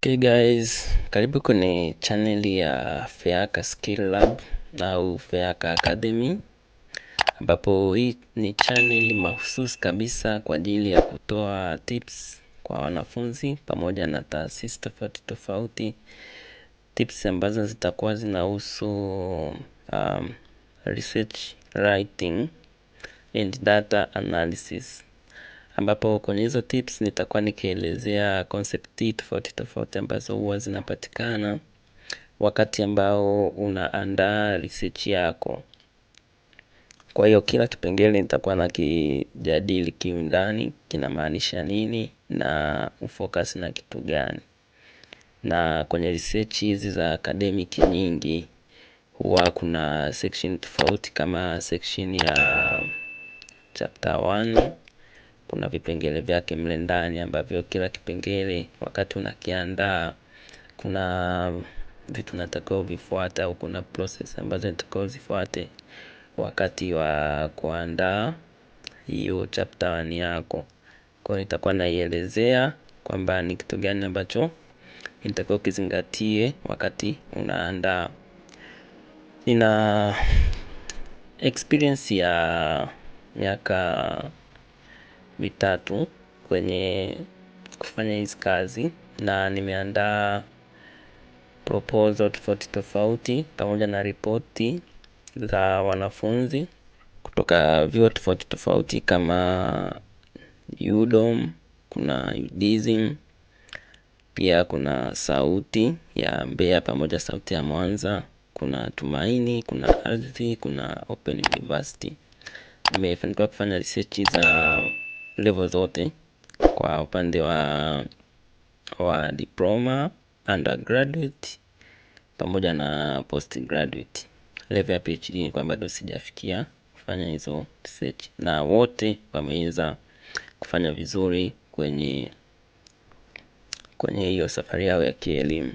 Okay guys, karibu kwenye channel ya Feaka Skill Lab au Feaka Academy ambapo hii ni channel mahususi kabisa kwa ajili ya kutoa tips kwa wanafunzi pamoja na taasisi tofauti tofauti, tips ambazo zitakuwa zinahusu um, research writing and data analysis ambapo kwenye hizo tips nitakuwa nikielezea concept tofauti tofauti ambazo huwa zinapatikana wakati ambao unaandaa research yako. Kwa hiyo kila kipengele nitakuwa na kijadili kiundani, kinamaanisha nini na ufocus na kitu gani. Na kwenye research hizi za academic nyingi huwa kuna section tofauti kama section ya chapter 1 kuna vipengele vyake mle ndani ambavyo kila kipengele wakati unakiandaa kuna vitu natakiwa uvifuate au kuna process ambazo natakiwa uzifuate wakati wa kuandaa hiyo chapter one yako. Kwa hiyo nitakuwa naielezea kwamba ni kitu gani ambacho nitakiwa ukizingatie wakati unaandaa. Nina experience ya miaka vitatu kwenye kufanya hizi kazi na nimeandaa proposal tofauti tofauti pamoja na ripoti za wanafunzi kutoka vyuo tofauti tofauti kama UDOM, kuna UDISM, pia kuna sauti ya Mbeya pamoja sauti ya Mwanza, kuna Tumaini, kuna Ardhi, kuna Open University. Nimefanikiwa kufanya research za level zote kwa upande wa, wa diploma, undergraduate pamoja na postgraduate. Level ya PhD ni kwamba bado sijafikia kufanya hizo research, na wote wameweza kufanya vizuri kwenye kwenye hiyo safari yao ya kielimu.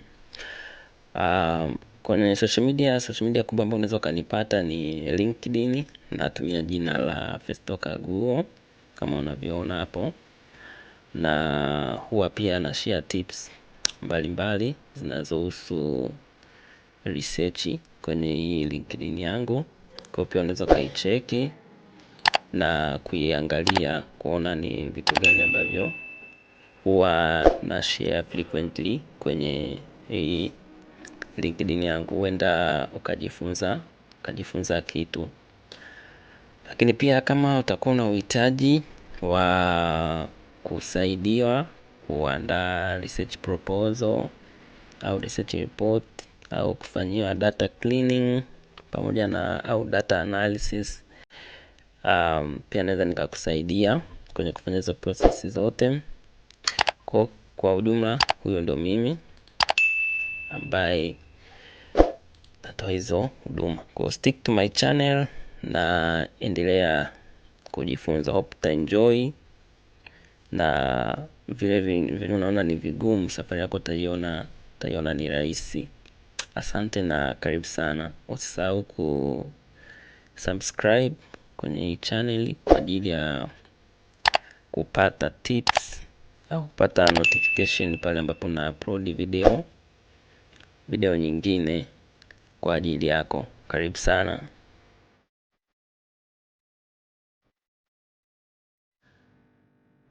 Um, kwenye social media, social media kubwa ambayo unaweza ukanipata ni LinkedIn, natumia jina la Festoka Guo kama unavyoona hapo, na huwa pia na share tips mbalimbali zinazohusu research kwenye hii LinkedIn yangu, kwa pia unaweza ukaicheki na kuiangalia kuona ni vitu gani ambavyo huwa na share frequently kwenye hii LinkedIn yangu, huenda ukajifunza ukajifunza kitu. Lakini pia kama utakuwa na uhitaji wa kusaidiwa kuandaa research proposal au research report au kufanyiwa data cleaning pamoja na au data analysis um, pia naweza nikakusaidia kwenye kufanya hizo process zote kwa ujumla huyo ndio mimi ambaye natoa hizo huduma kwa stick to my channel na endelea kujifunza hope enjoy na vile vile unaona ni vigumu safari yako utaiona utaiona ni rahisi asante na karibu sana usisahau ku subscribe kwenye hii channel kwa ajili ya kupata tips au kupata notification pale ambapo na upload video video nyingine kwa ajili yako karibu sana